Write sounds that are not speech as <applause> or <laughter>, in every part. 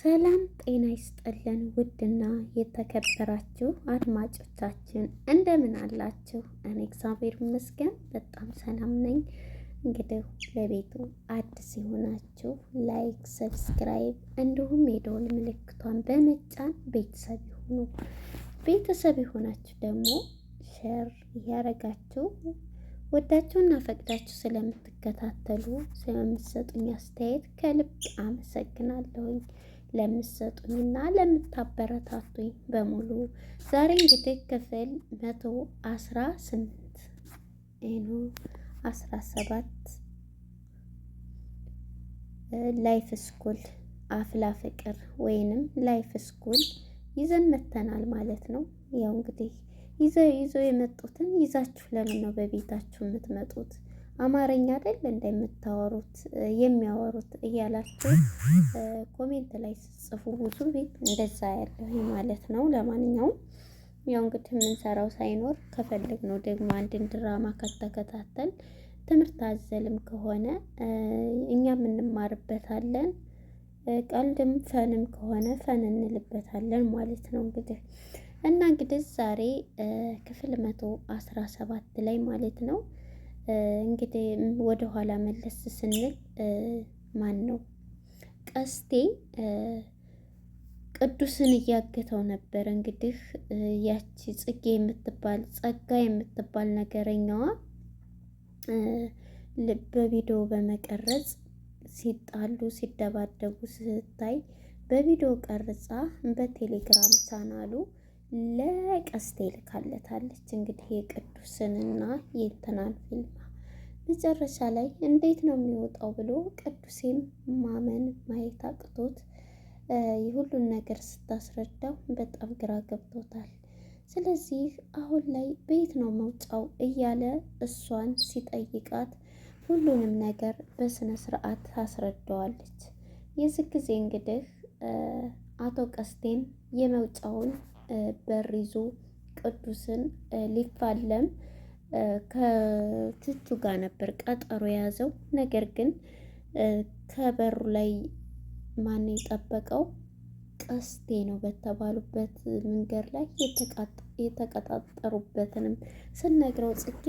ሰላም ጤና ይስጥልን። ውድና የተከበራችሁ አድማጮቻችን እንደምን አላችሁ? እኔ እግዚአብሔር ይመስገን በጣም ሰላም ነኝ። እንግዲህ ለቤቱ አዲስ የሆናችሁ ላይክ፣ ሰብስክራይብ እንዲሁም የደወል ምልክቷን በመጫን ቤተሰብ ይሁኑ። ቤተሰብ የሆናችሁ ደግሞ ሸር እያረጋችሁ ወዳችሁና ፈቅዳችሁ ስለምትከታተሉ ስለምትሰጡኝ አስተያየት ከልብ አመሰግናለሁኝ። ለምትሰጡኝና ለምታበረታቱኝ በሙሉ ዛሬ እንግዲህ ክፍል መቶ አስራ ስምንት ይህኑ አስራ ሰባት ላይፍ ስኩል አፍላ ፍቅር ወይንም ላይፍ ስኩል ይዘን መተናል ማለት ነው። ያው እንግዲህ ይዘው ይዘው የመጡትን ይዛችሁ ለምን ነው በቤታችሁ የምትመጡት? አማርኛ አይደል እንደምታወሩት የሚያወሩት እያላችሁ ኮሜንት ላይ ስጽፉ ብዙ ቤት እንደዛ ያለሁ ማለት ነው። ለማንኛውም ያው እንግዲህ የምንሰራው ሳይኖር ከፈለግ ነው ደግሞ አንድን ድራማ ከተከታተል ትምህርት አዘልም ከሆነ እኛ የምንማርበታለን። ቀልድም ፈንም ከሆነ ፈን እንልበታለን ማለት ነው እንግዲህ እና እንግዲህ ዛሬ ክፍል መቶ አስራ ሰባት ላይ ማለት ነው እንግዲህ ወደኋላ መለስ ስንል ማን ነው ቀስቴ ቅዱስን እያገተው ነበር። እንግዲህ ያቺ ጽጌ የምትባል ጸጋ የምትባል ነገረኛዋ በቪዲዮ በመቀረጽ ሲጣሉ ሲደባደቡ ስታይ በቪዲዮ ቀርጻ በቴሌግራም ቻናሉ ለቀስቴ ይልካለታለች። እንግዲህ የቅዱስንና የትናን ፊልም መጨረሻ ላይ እንዴት ነው የሚወጣው ብሎ ቅዱሴም ማመን ማየት አቅቶት የሁሉን ነገር ስታስረዳው በጣም ግራ ገብቶታል። ስለዚህ አሁን ላይ ቤት ነው መውጫው እያለ እሷን ሲጠይቃት ሁሉንም ነገር በስነ ስርዓት ታስረዳዋለች። የዚህ ጊዜ እንግዲህ አቶ ቀስቴን የመውጫውን በር ይዞ ቅዱስን ሊፋለም ከቹቹ ጋር ነበር ቀጠሮ የያዘው። ነገር ግን ከበሩ ላይ ማን የጠበቀው ቀስቴ ነው በተባሉበት መንገድ ላይ የተቀጣጠሩበትንም ስነግረው ጽጌ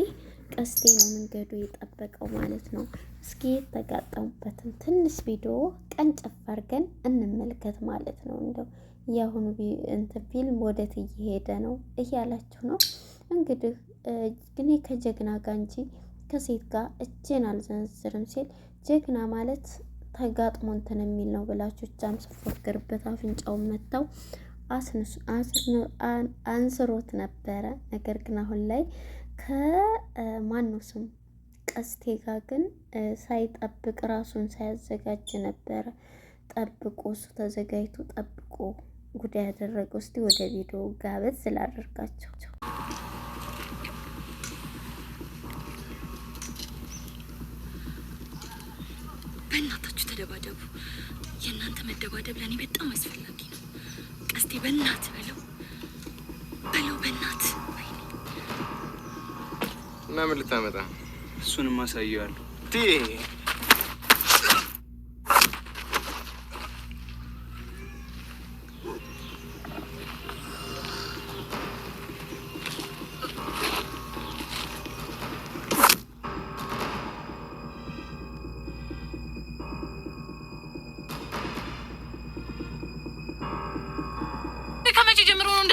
ቀስቴ ነው መንገዱ የጠበቀው ማለት ነው። እስኪ የተጋጠሙበትን ትንሽ ቪዲዮ ቀንጨፍ አድርገን እንመልከት ማለት ነው እንደው የአሁኑ እንትን ፊልም ወደት እየሄደ ነው እያላችሁ ነው እንግዲህ ግን ከጀግና ጋር እንጂ ከሴት ጋር እጄን አልዘነዝርም ሲል ጀግና ማለት ተጋጥሞ እንትን የሚል ነው ብላችሁ እጃም ስፎክርበት አፍንጫውን መታው አንስሮት ነበረ። ነገር ግን አሁን ላይ ከማነው ስም ቀስቴ ጋር ግን ሳይጠብቅ ራሱን ሳያዘጋጅ ነበረ። ጠብቆ እሱ ተዘጋጅቶ ጠብቆ ጉዳይ ያደረገው። እስቲ ወደ ቪዲዮ ጋበዝ ስላደርጋቸው በእናታችሁ ተደባደቡ። የእናንተ መደባደብ ለእኔ በጣም አስፈላጊ ነው። ቀስቴ በእናት በለው በለው በእናት እና ምን ልታመጣ እሱንም አሳየዋለሁ።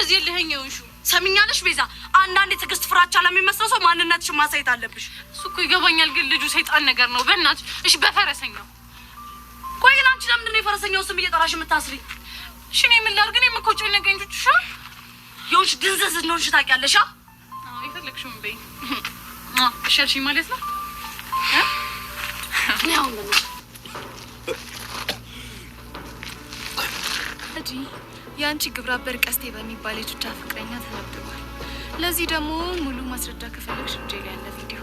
እንደዚህ ልህኝ ውሹ ሰሚኛለሽ ቤዛ፣ አንዳንድ የትዕግስት ፍራቻ ለሚመስለው ሰው ማንነትሽ ማሳየት አለብሽ። እሱ እኮ ይገባኛል፣ ግን ልጁ ሰይጣን ነገር ነው። በእናት እሺ፣ በፈረሰኛው ቆይ፣ ግን አንቺ ለምንድን ነው የፈረሰኛው ስም እየጠራሽ የምታስሪ? እሺ፣ እኔ ምን ላድርግ? እኔ የምኮጭ ነገኝቶች ሻ የሆንሽ ድንዘዝ እንደሆንሽ ታውቂያለሽ። የፈለግሽውን በይ እሺ ማለት ነው። ያው የአንቺ ግብረአበር ቀስቴ በሚባል የቹቻ ፍቅረኛ ተደብድቧል። ለዚህ ደግሞ ሙሉ ማስረጃ ከፈለግሽ እጄ ላይ ያለ ቪዲዮ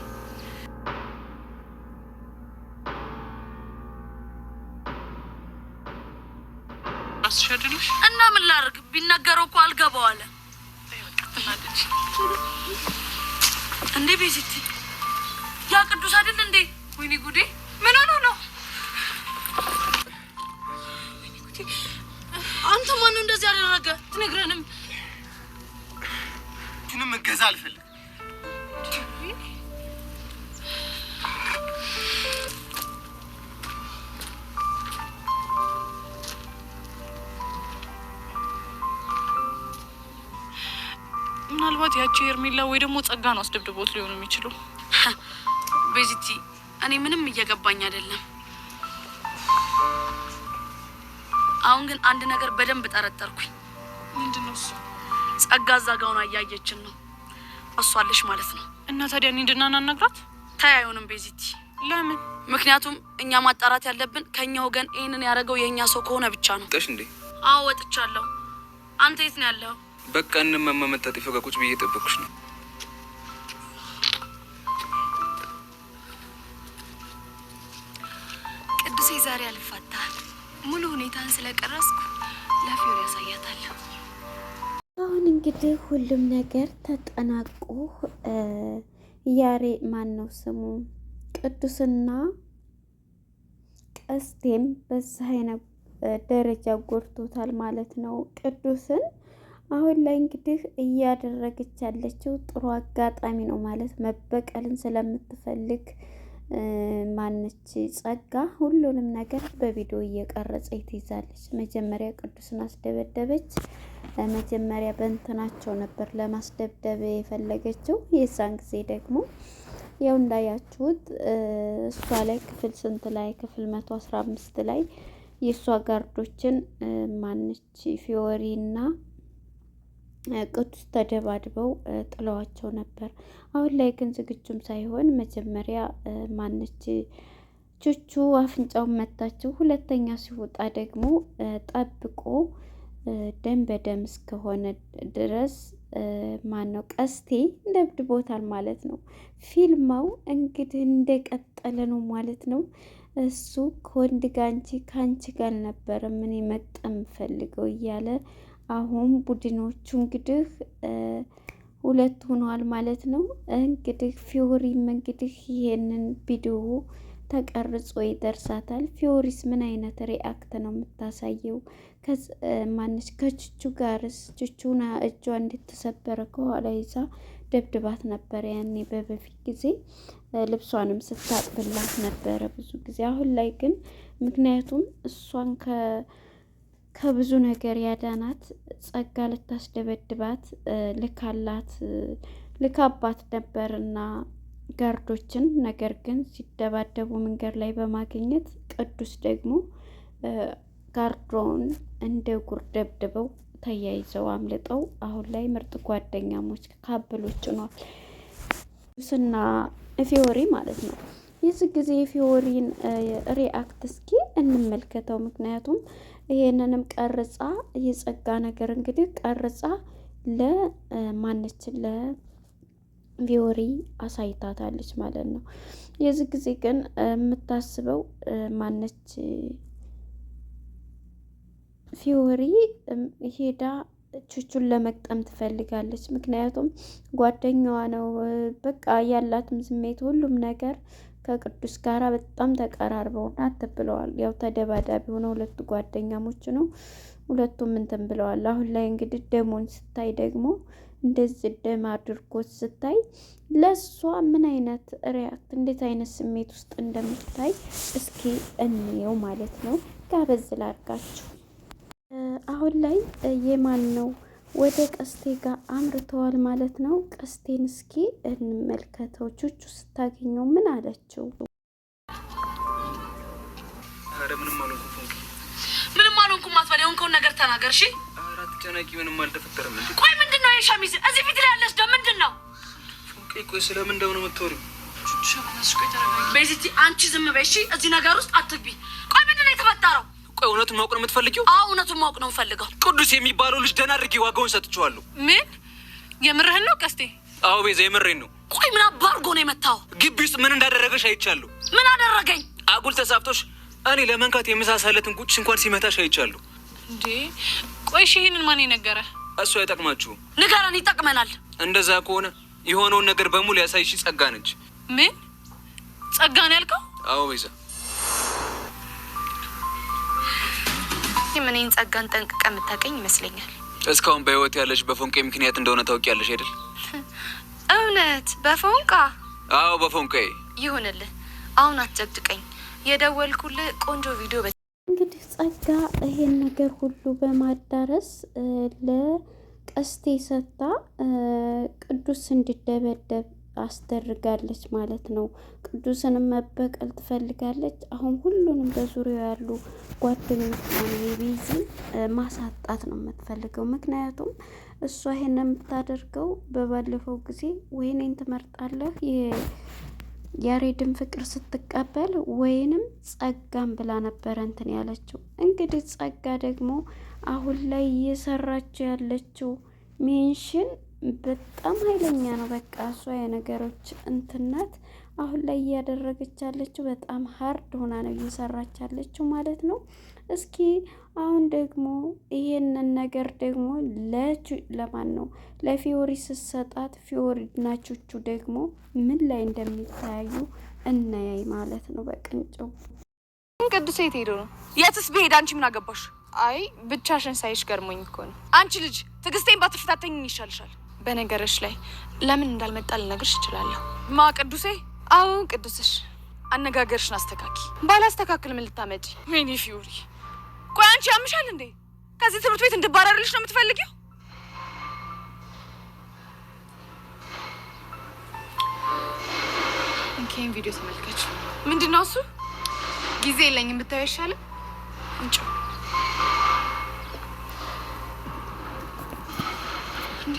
እና ምን ላርግ? ቢናገረው እኮ አልገባው አለ እንዴ። ቤዚቲ ያ ቅዱስ አይደል እንዴ? ወይኔ ጉዴ! ምን ሆኖ ነው? እንደዚህ አደረገ ትነግረንም ምንም እገዛ አልፈልግም። ምናልባት ያቺ ሄርሜላ ወይ ደግሞ ጸጋ ነው አስደብድቦት ሊሆኑ የሚችሉ። ቤዚቲ፣ እኔ ምንም እየገባኝ አይደለም። አሁን ግን አንድ ነገር በደንብ ጠረጠርኩኝ። ምንድነው እሱ? ጸጋ እዛ ጋ ሆና እያየችን ነው። እሷለሽ ማለት ነው። እና ታዲያ እኔ እንድናና ነግራት ተያዩንም ቤዚቲ ለምን? ምክንያቱም እኛ ማጣራት ያለብን ከእኛ ወገን ይህንን ያደረገው የእኛ ሰው ከሆነ ብቻ ነው። ጠሽ እንዴ? አዎ ወጥቻለሁ። አንተ የት ነው ያለው? በቃ እንመመመጣጥ ፈቀቁጭ ብዬ ጠበቅኩሽ ነው። ቅዱሴ ዛሬ አልፋታል ሙሉ ሁኔታን ስለቀረስኩ ለፊዮር ያሳያታል። አሁን እንግዲህ ሁሉም ነገር ተጠናቁ። ያሬ ማን ነው ስሙ ቅዱስና ቀስቴም በዛ አይነት ደረጃ ጎድቶታል ማለት ነው። ቅዱስን አሁን ላይ እንግዲህ እያደረገች ያለችው ጥሩ አጋጣሚ ነው ማለት መበቀልን ስለምትፈልግ ማነች ጸጋ ሁሉንም ነገር በቪዲዮ እየቀረጸ ትይዛለች። መጀመሪያ ቅዱስን አስደበደበች። መጀመሪያ በእንትናቸው ነበር ለማስደብደብ የፈለገችው። የዛን ጊዜ ደግሞ ያው እንዳያችሁት እሷ ላይ ክፍል ስንት ላይ ክፍል መቶ አስራ አምስት ላይ የእሷ ጋርዶችን ማነች ፊዮሪና ቅዱስ ተደባድበው ጥለዋቸው ነበር። አሁን ላይ ግን ዝግጁም ሳይሆን መጀመሪያ ማነች ቹቹ አፍንጫውን መታችው። ሁለተኛ ሲወጣ ደግሞ ጠብቆ ደም በደም እስከሆነ ድረስ ማነው ቀስቴ ደብድቦታል ማለት ነው። ፊልማው እንግዲህ እንደቀጠለ ነው ማለት ነው። እሱ ከወንድ ጋር እንጂ ከአንቺ ጋር አልነበረም እኔ መጣ ፈልገው እያለ አሁን ቡድኖቹ እንግዲህ ሁለት ሆኗል ማለት ነው። እንግዲህ ፊዮሪም እንግዲህ ይሄንን ቪዲዮ ተቀርጾ ይደርሳታል። ፊዮሪስ ምን አይነት ሪአክት ነው የምታሳየው? ማነች ከችቹ ጋርስ ችቹና እጇ እንድትሰበረ ከኋላ ይዛ ደብድባት ነበረ። ያኔ በበፊት ጊዜ ልብሷንም ስታጥብላት ነበረ ብዙ ጊዜ። አሁን ላይ ግን ምክንያቱም እሷን ከ ከብዙ ነገር ያዳናት ጸጋ ልታስደበድባት ልካላት ልካባት ነበርና ጋርዶችን። ነገር ግን ሲደባደቡ መንገድ ላይ በማግኘት ቅዱስ ደግሞ ጋርዶን እንደ ጉር ደብድበው ተያይዘው አምልጠው አሁን ላይ ምርጥ ጓደኛሞች ካብሎች ሆነዋል። ቅዱስና ፊዮሪ ማለት ነው። የዚህ ጊዜ የፊዮሪን ሪአክት እስኪ እንመልከተው። ምክንያቱም ይሄንንም ቀርጻ የጸጋ ነገር እንግዲህ ቀርጻ ለማነች ለፊዮሪ አሳይታታለች ማለት ነው። የዚህ ጊዜ ግን የምታስበው ማነች ፊዮሪ ሄዳ ቹቹን ለመቅጠም ትፈልጋለች። ምክንያቱም ጓደኛዋ ነው። በቃ ያላትም ስሜት ሁሉም ነገር ከቅዱስ ጋራ በጣም ተቀራርበውና እንትን ብለዋል። ያው ተደባዳቢ ሆነ ሁለቱ ጓደኛሞች ነው ሁለቱም እንትን ብለዋል። አሁን ላይ እንግዲህ ደሞን ስታይ ደግሞ እንደዚህ ደም አድርጎት ስታይ ለእሷ ምን አይነት ሪያክት እንዴት አይነት ስሜት ውስጥ እንደምታይ እስኪ እንየው ማለት ነው። ጋበዝ ላድርጋችሁ። አሁን ላይ የማን ነው ወደ ቀስቴ ጋር አምርተዋል ማለት ነው። ቀስቴን እስኪ እንመልከተው። ቹቹ ስታገኘው ምን አለችው? ምንም አልሆንኩም፣ ምንም አትበል፣ የሆንከውን ነገር ተናገር። እሺ፣ አትጨነቂ፣ ምንም አልተፈጠረም። ቆይ ምንድን ነው የሸሚዝ እዚህ ፊት ላይ ያለች ደ ምንድን ነው? ቆይ ስለምን እንደሆነ የምታወሪው ቤዚቲ፣ አንቺ ዝም በይ እሺ። እዚህ ነገር ውስጥ አትግቢ። ቆይ ምንድን ነው የተፈጠረው? ቆይ እውነቱን ማወቅ ነው የምትፈልጊው? አዎ እውነቱን ማወቅ ነው የምፈልገው። ቅዱስ የሚባለው ልጅ ደህና አድርጌ ዋጋውን ሰጥቼዋለሁ። ምን? የምርህን ነው ቀስቴ? አዎ ቤዛ የምሬን ነው። ቆይ ምን አባርጎ ነው የመታው? ግቢ ውስጥ ምን እንዳደረገሽ አይቻለሁ። ምን አደረገኝ? አጉል ተሳብቶሽ እኔ ለመንካት የመሳሳለትን ቁጭ እንኳን ሲመታሽ አይቻለሁ። እንዴ ቆይ ይህንን ማን የነገረ? እሱ አይጠቅማችሁ ንገረን፣ ይጠቅመናል። እንደዛ ከሆነ የሆነውን ነገር በሙሉ ያሳይሽ ጸጋ ነች። ምን ጸጋ ነው ያልከው? አዎ ቤዛ ምን እኔን ጸጋን ጠንቅቀ የምታገኝ ይመስለኛል። እስካሁን በህይወት ያለች በፎንቄ ምክንያት እንደሆነ ታውቂያለሽ አይደል? እውነት በፎንቃ? አዎ በፎንቃዬ። ይሁንልህ፣ አሁን አትጨቅጭቀኝ። የደወልኩልህ ቆንጆ ቪዲዮ እንግዲህ ጸጋ ይሄን ነገር ሁሉ በማዳረስ ለቀስቴ ሰታ ቅዱስ እንዲደበደብ አስደርጋለች ማለት ነው። ቅዱስንም መበቀል ትፈልጋለች። አሁን ሁሉንም በዙሪያው ያሉ ጓደኞች የቤዛ ማሳጣት ነው የምትፈልገው። ምክንያቱም እሷ ይሄን የምታደርገው በባለፈው ጊዜ ወይኔን ትመርጣለህ ያሬድን ፍቅር ስትቀበል ወይንም ጸጋን ብላ ነበረ እንትን ያለችው። እንግዲህ ጸጋ ደግሞ አሁን ላይ እየሰራችው ያለችው ሜንሽን በጣም ኃይለኛ ነው። በቃ እሷ የነገሮች እንትናት አሁን ላይ እያደረገች ያለችው በጣም ሀርድ ሆና ነው እየሰራች ያለችው ማለት ነው። እስኪ አሁን ደግሞ ይሄንን ነገር ደግሞ ለማን ነው ለፊዮሪ ስትሰጣት ፊዮሪ ናቾቹ ደግሞ ምን ላይ እንደሚተያዩ እናያይ ማለት ነው። በቅንጭው ቅዱስ የት ሄዶ ነው? የትስ ብሄድ አንቺ ምን አገባሽ? አይ ብቻሽን ሳይሽ ገርሞኝ እኮ ነው። አንቺ ልጅ ትዕግስቴን ባትፍታተኝ ይሻልሻል። በነገርሽ ላይ ለምን እንዳልመጣ ልነግርሽ እችላለሁ። ማ ቅዱሴ? አዎ ቅዱስሽ። አነጋገርሽን አስተካኪ። ባላስተካክል ምን ልታመጪ? ወይኔ ፊዮሪ፣ ቆይ አንቺ ያምሻል እንዴ? ከዚህ ትምህርት ቤት እንድባረርልሽ ነው የምትፈልጊው? እንኬን ቪዲዮ ተመልከች። ምንድን ነው እሱ? ጊዜ የለኝም ብታዩ ይሻላል። እንጭ እንዴ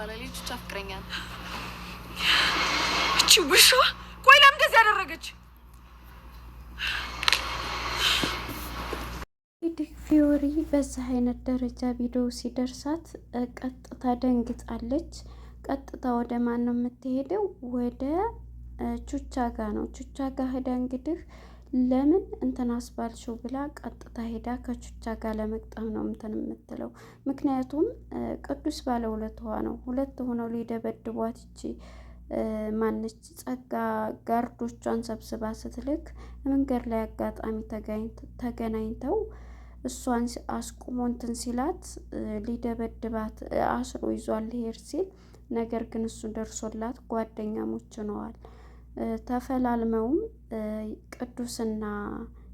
ትባላለች። ልጅ ብቻ ነው። እቺ ውሻ! ቆይ ለምን እንደዚህ ያደረገች? እንግዲህ ፊዮሪ በዚህ አይነት ደረጃ ቪዲዮ ሲደርሳት ቀጥታ ደንግጣለች። ቀጥታ ወደ ማን ነው የምትሄደው? ወደ ቹቻ ጋ ነው። ቹቻ ጋ ሄዳ እንግዲህ ለምን እንትን አስባልሽው ብላ ቀጥታ ሄዳ ከቹቻ ጋር ለመቅጠም ነው እንትን የምትለው። ምክንያቱም ቅዱስ ባለ ሁለት ውሃ ነው። ሁለት ሆነው ሊደበድቧት ይቺ ማነች ጸጋ ጋርዶቿን ሰብስባ ስትልክ መንገድ ላይ አጋጣሚ ተገናኝተው እሷን አስቁሞ እንትን ሲላት ሊደበድባት አስሮ ይዟል ሊሄድ ሲል ነገር ግን እሱ ደርሶላት ጓደኛሞች ነዋል። ተፈላልመውም ቅዱስና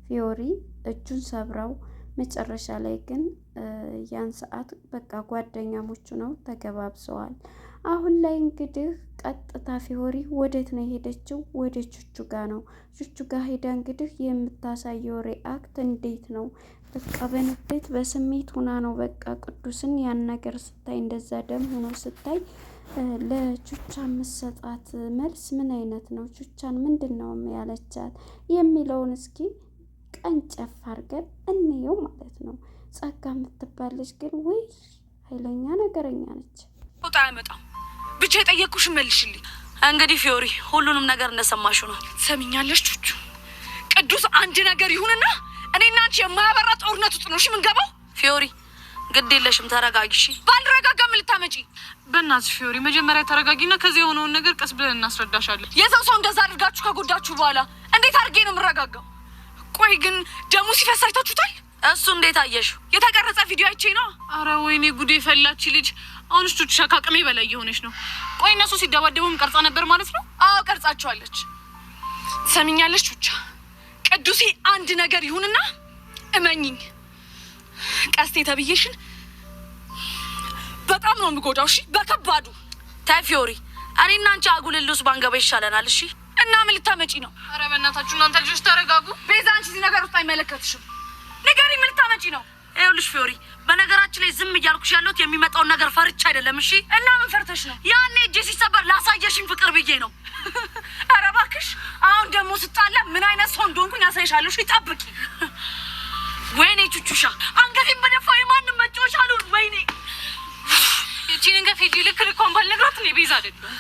ፊዮሪ እጁን ሰብረው መጨረሻ ላይ ግን ያን ሰዓት በቃ ጓደኛሞቹ ነው ተገባብሰዋል። አሁን ላይ እንግዲህ ቀጥታ ፊዮሪ ወዴት ነው የሄደችው? ወደ ቹቹ ጋ ነው። ቹቹ ጋ ሄዳ እንግዲህ የምታሳየው ሪአክት እንዴት ነው? በቃ በንዴት በስሜት ሁና ነው በቃ ቅዱስን ያን ነገር ስታይ እንደዛ ደም ሆኖ ስታይ ለቹቻ የምትሰጣት መልስ ምን አይነት ነው? ቹቻን ምንድን ነው ያለቻት የሚለውን እስኪ ቀንጨፍ አድርገን እንየው ማለት ነው። ጸጋ የምትባለች ግን ወይ ኃይለኛ ነገረኛ ነች። ቁጣ አይመጣም። ብቻ የጠየቅኩሽ መልሽልኝ። እንግዲህ ፊዮሪ ሁሉንም ነገር እንደሰማሽ ነው። ሰሚኛለሽ ቹቹ፣ ቅዱስ አንድ ነገር ይሁንና እኔ እናንቺ የማያበራ ጦርነት ውስጥ ነው እሺ ፊዮሪ ግድ የለሽም ተረጋጊ። ባልረጋጋም ልታመጪ በእናትሽ ፊዮሪ መጀመሪያ ተረጋጊና ከዚህ የሆነውን ነገር ቀስ ብለን እናስረዳሻለን። የሰው ሰው እንደዛ አድርጋችሁ ከጎዳችሁ በኋላ እንዴት አድርጌ ነው የምረጋጋው? ቆይ ግን ደሙ ሲፈስ አይታችሁታል? እሱ እንዴት አየሽ? የተቀረጸ ቪዲዮ አይቼ ነው። አረ ወይኔ ጉዴ ፈላች ልጅ። አሁን ስቱቻ ከአቅሜ በላይ የሆነች ነው። ቆይ እነሱ ሲደባደቡም ቀርጻ ነበር ማለት ነው? አዎ ቀርጻቸዋለች። ሰሚኛለች ቹቻ፣ ቅዱሴ አንድ ነገር ይሁንና እመኝኝ ቀስቴ ተብዬሽን በጣም ነው የምጎዳው። እሺ በከባዱ ታይ ፊዮሪ፣ እኔና አንቺ አጉልልስ ባንገባ ይሻለናል። እሺ እና ምን ልታመጪ ነው? አረ በእናታችሁ እናንተ ልጆች ተረጋጉ። ቤዛ፣ አንቺ እዚህ ነገር ውስጥ አይመለከትሽም። ንገሪ፣ ምን ልታመጪ ነው? ይኸውልሽ ፊዮሪ፣ በነገራችን ላይ ዝም እያልኩሽ ያለሁት የሚመጣውን ነገር ፈርቼ አይደለም። እሺ እና ምን ፈርተሽ ነው? ያኔ እጄ ሲሰበር ላሳየሽኝ ፍቅር ብዬ ነው። <laughs> ኧረ እባክሽ፣ አሁን ደግሞ ስጣለ ምን አይነት ሰው እንደሆንኩኝ አሳይሻለሁ። እሺ ጠብቂ። ወይኔ ቹቹሻ አንቺ ንገፍ ሄጂ ልክ ልኳን ባልነግራት እኔ ቤዛ አይደለሁም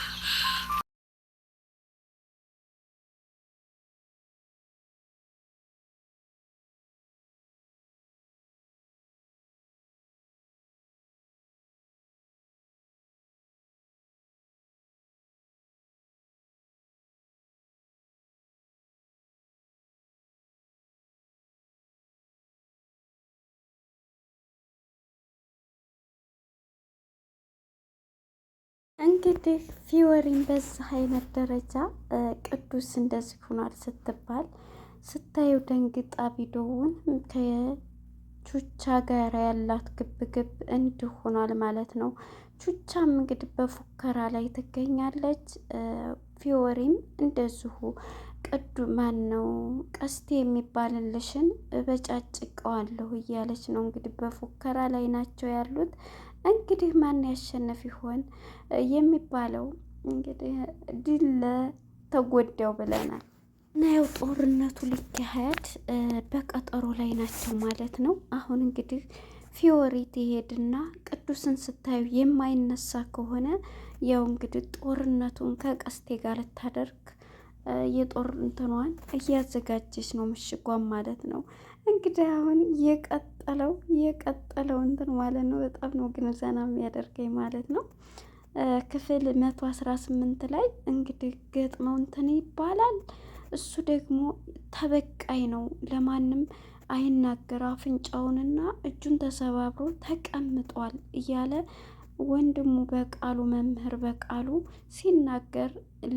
እንግዲህ ፊወሪን በዚህ አይነት ደረጃ ቅዱስ እንደዚህ ሆኗል ስትባል ስታየው ደንግጣ ቪዲዮውን ከቹቻ ጋር ያላት ግብግብ እንዲህ ሆኗል ማለት ነው። ቹቻም እንግዲህ በፉከራ ላይ ትገኛለች። ፊወሪም እንደዚሁ ቅዱ ማን ነው ቀስቴ የሚባልልሽን በጫጭቀዋለሁ እያለች ነው እንግዲህ በፉከራ ላይ ናቸው ያሉት። እንግዲህ ማን ያሸነፍ ይሆን የሚባለው እንግዲህ ድል ለተጎዳው ብለናል። እና ያው ጦርነቱ ሊካሄድ በቀጠሮ ላይ ናቸው ማለት ነው። አሁን እንግዲህ ፊዮሪ ትሄድና ቅዱስን ስታዩ የማይነሳ ከሆነ ያው እንግዲህ ጦርነቱን ከቀስቴ ጋር ልታደርግ የጦር እንትኗን እያዘጋጀች ነው ምሽጓን ማለት ነው እንግዲህ አሁን የቀጥ የቀጠለው የቀጠለው እንትን ማለት ነው። በጣም ነው ግን ዘና የሚያደርገኝ ማለት ነው። ክፍል መቶ አስራ ስምንት ላይ እንግዲህ ገጥመው እንትን ይባላል። እሱ ደግሞ ተበቃይ ነው፣ ለማንም አይናገር አፍንጫውንና እጁን ተሰባብሮ ተቀምጧል እያለ ወንድሙ በቃሉ መምህር በቃሉ ሲናገር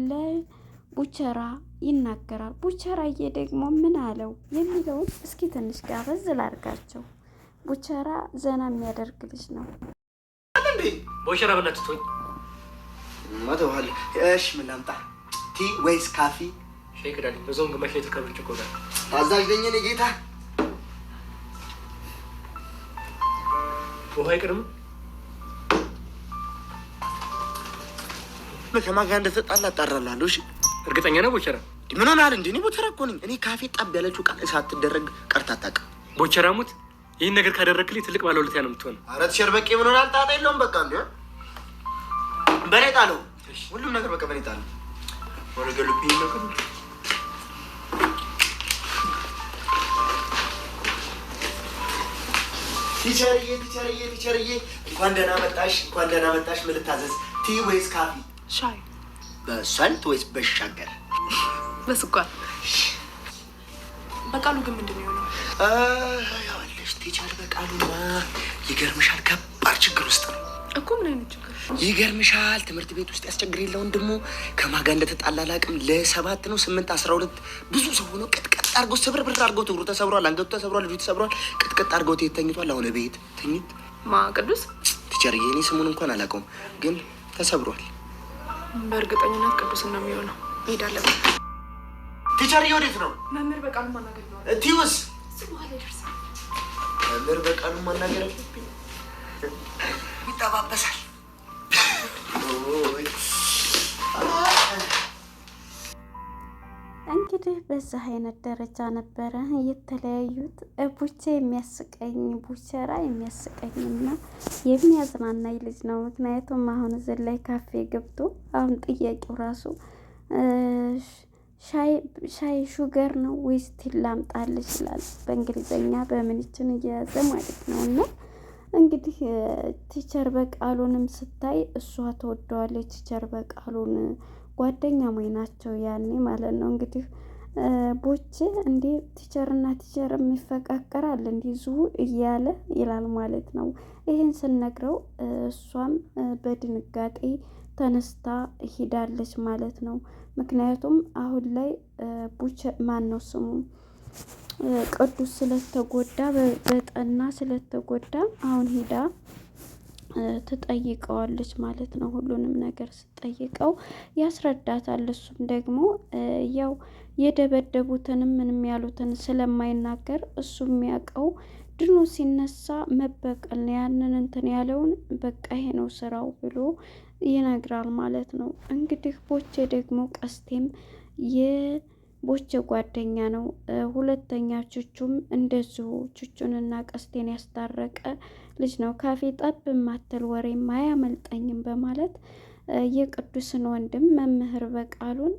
ለቡቸራ ይናገራል። ቡቸራዬ ደግሞ ምን አለው የሚለውን እስኪ ትንሽ ጋበዝ ላርጋቸው። ቡቸራ ዘና የሚያደርግ ልጅ ነው። ቦሸራ ብላት ትቶኝ እሺ፣ ምን ላምጣ? ቲ ወይስ ካፊ? ሻይ ቅዳልኝ። በዛውን ግማሽ ሌትር ከብርጭቆ ጋር ታዛዥ ነኝ እኔ ጌታ። ውሃ አይቀርም። ከማን ጋር እንደተጣላ አጣራላለሁ። እሺ፣ እርግጠኛ ነው ቦቸራ? ምን ሆነሃል እንዴ? እኔ ቦቸራ እኮ ነኝ። እኔ ካፌ ጣብ ያለችው ቃል ሳትደረግ ቀርታ አታውቅም ቦቸራ ሙት ይህን ነገር ካደረግክልኝ ትልቅ ባለውለታ ነው የምትሆነው። ኧረ ትሸርበቄ ምን ሆናል? ጣጣ የለውም። በቃ እንዲ በኔ ጣለው። ሁሉም ነገር በቃ በኔ ጣለው። ቲቸርዬ፣ ቲቸርዬ፣ ቲቸርዬ እንኳን ደህና መጣሽ፣ እንኳን ደህና መጣሽ። ምን ልታዘዝ? ቲ ወይስ ካፊ? ሻይ በሳልት ወይስ በሻገር በስኳር? በቃሉ ግን ምንድን ነው የሆነው? ይቻል በቃሉማ ይገርምሻል፣ ከባድ ችግር ውስጥ ነው እኮ። ምን አይነት ችግር? ይገርምሻል፣ ትምህርት ቤት ውስጥ ያስቸግር የለ ወንድሙ ከማጋ እንደተጣላ አላውቅም። ለሰባት ነው ስምንት አስራ ሁለት ብዙ ሰው ሆኖ ቅጥቀጥ አድርገው ስብርብር አድርገው እግሩ ተሰብሯል፣ አንገቱ ተሰብሯል፣ ልጁ ተሰብሯል። ቅጥቀጥ አድርገው ተኝቷል። አሁን ቤት ተኝት ማ ቅዱስ ቲቸርዬ፣ እኔ ስሙን እንኳን አላውቀውም፣ ግን ተሰብሯል። በእርግጠኝነት ቅዱስ ነው የሚሆነው። ሄዳለሁ። ቲቸር ወዴት ነው መምህር? በቃ ቲዩስ ስሙ ደርሳል መምህር በቃሉ ማናገር አለብኝ። ይጠባበሳል። እንግዲህ በዛ አይነት ደረጃ ነበረ የተለያዩት። ቡቼ የሚያስቀኝ ቡቸራ የሚያስቀኝና የሚያዝናናኝ ልጅ ነው። ምክንያቱም አሁን እዚህ ላይ ካፌ ገብቶ አሁን ጥያቄው ራሱ ሻይ ሹገር ነው ወይስ ቲላምጣል ይችላል በእንግሊዘኛ በምንችን እየያዘ ማለት ነው። እና እንግዲህ ቲቸር በቃሉንም ስታይ እሷ ተወደዋለች። ቲቸር በቃሉን ጓደኛሞች ናቸው ያኔ ማለት ነው። እንግዲህ ቦቼ እንዴ ቲቸርና ቲቸር የሚፈቃቀራል እንዲህ ዙ እያለ ይላል ማለት ነው። ይህን ስነግረው እሷም በድንጋጤ ተነስታ ሂዳለች ማለት ነው። ምክንያቱም አሁን ላይ ቡቸ ማን ነው ስሙ ቅዱስ ስለተጎዳ በጠና ስለተጎዳ አሁን ሂዳ ትጠይቀዋለች ማለት ነው። ሁሉንም ነገር ስጠይቀው ያስረዳታል። እሱም ደግሞ ያው የደበደቡትንም ምንም ያሉትን ስለማይናገር እሱ የሚያውቀው ድኑ ሲነሳ መበቀል ያንን እንትን ያለውን በቃ ይሄ ነው ስራው ብሎ ይነግራል ማለት ነው። እንግዲህ ቦቼ ደግሞ ቀስቴም የቦቼ ጓደኛ ነው። ሁለተኛ ቹቹም እንደዚሁ ቹቹንና ቀስቴን ያስታረቀ ልጅ ነው። ካፌ ጠብ የማትል ወሬም አያመልጠኝም በማለት የቅዱስን ወንድም መምህር በቃሉን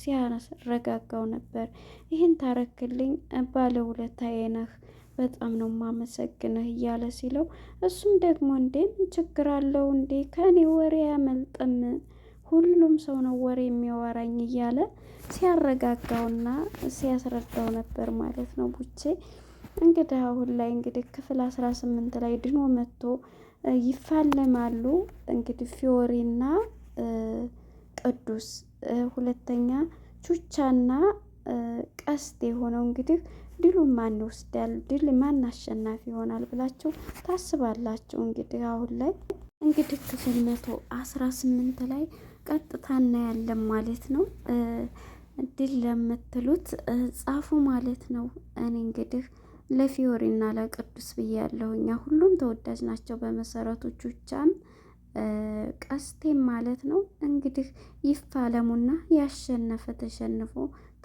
ሲያረጋጋው ነበር። ይህን ታረክልኝ ባለውለታዬ ነህ በጣም ነው ማመሰግነህ እያለ ሲለው እሱም ደግሞ እንዴ ምን ችግር አለው እንዴ ከእኔ ወሬ አያመልጥም ሁሉም ሰው ነው ወሬ የሚያወራኝ እያለ ሲያረጋጋውና ሲያስረዳው ነበር ማለት ነው። ቡቼ እንግዲህ አሁን ላይ እንግዲህ ክፍል አስራ ስምንት ላይ ድኖ መጥቶ ይፋለማሉ። እንግዲህ ፊዮሪና ቅዱስ ሁለተኛ ቹቻና ቀስት የሆነው እንግዲህ ድሉ ማን ይወስዳል፣ ድል ማን አሸናፊ ይሆናል ብላችሁ ታስባላችሁ? እንግዲህ አሁን ላይ እንግዲህ ክፍል መቶ አስራ ስምንት ላይ ቀጥታ እናያለን ማለት ነው። ድል ለምትሉት ጻፉ ማለት ነው። እኔ እንግዲህ ለፊዮሪና ለቅዱስ ብያለሁኛ። ሁሉም ተወዳጅ ናቸው በመሰረቱ ቀስቴም ማለት ነው እንግዲህ ይፋለሙና ያሸነፈ ተሸንፎ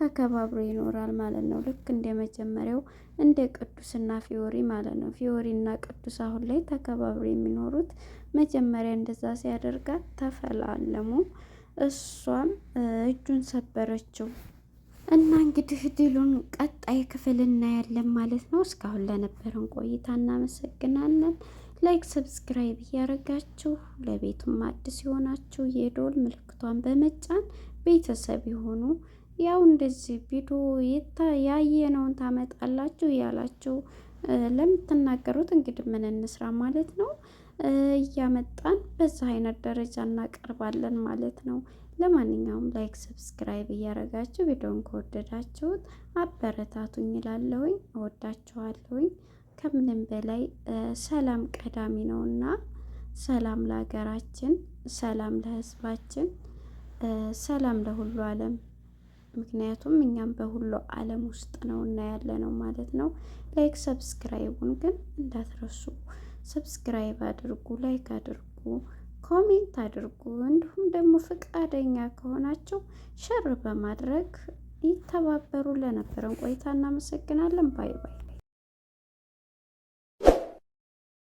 ተከባብሮ ይኖራል ማለት ነው። ልክ እንደ መጀመሪያው እንደ ቅዱስና ፊዮሪ ማለት ነው። ፊዮሪና ቅዱስ አሁን ላይ ተከባብሮ የሚኖሩት መጀመሪያ እንደዛ ሲያደርጋት ተፈላለሙ፣ እሷም እጁን ሰበረችው እና እንግዲህ ድሉን ቀጣይ ክፍል እናያለን ማለት ነው። እስካሁን ለነበረን ቆይታ እናመሰግናለን። ላይክ ሰብስክራይብ እያደረጋችሁ ለቤቱም አዲስ የሆናችሁ የዶል ምልክቷን በመጫን ቤተሰብ የሆኑ ያው እንደዚህ ቪዲዮ ያየነውን ታመጣላችሁ እያላችሁ ለምትናገሩት እንግዲህ ምን እንስራ ማለት ነው። እያመጣን በዛ አይነት ደረጃ እናቀርባለን ማለት ነው። ለማንኛውም ላይክ ሰብስክራይብ እያረጋችሁ ቪዲዮን ከወደዳችሁት አበረታቱኝ እላለሁኝ። እወዳችኋለሁኝ። ከምንም በላይ ሰላም ቀዳሚ ነው እና ሰላም ለሀገራችን፣ ሰላም ለሕዝባችን፣ ሰላም ለሁሉ ዓለም። ምክንያቱም እኛም በሁሉ ዓለም ውስጥ ነው እና ያለ ነው ማለት ነው። ላይክ ሰብስክራይቡን ግን እንዳትረሱ፣ ሰብስክራይብ አድርጉ፣ ላይክ አድርጉ፣ ኮሜንት አድርጉ። እንዲሁም ደግሞ ፈቃደኛ ከሆናቸው ሸር በማድረግ ይተባበሩ። ለነበረን ቆይታ እናመሰግናለን። ባይ ባይ።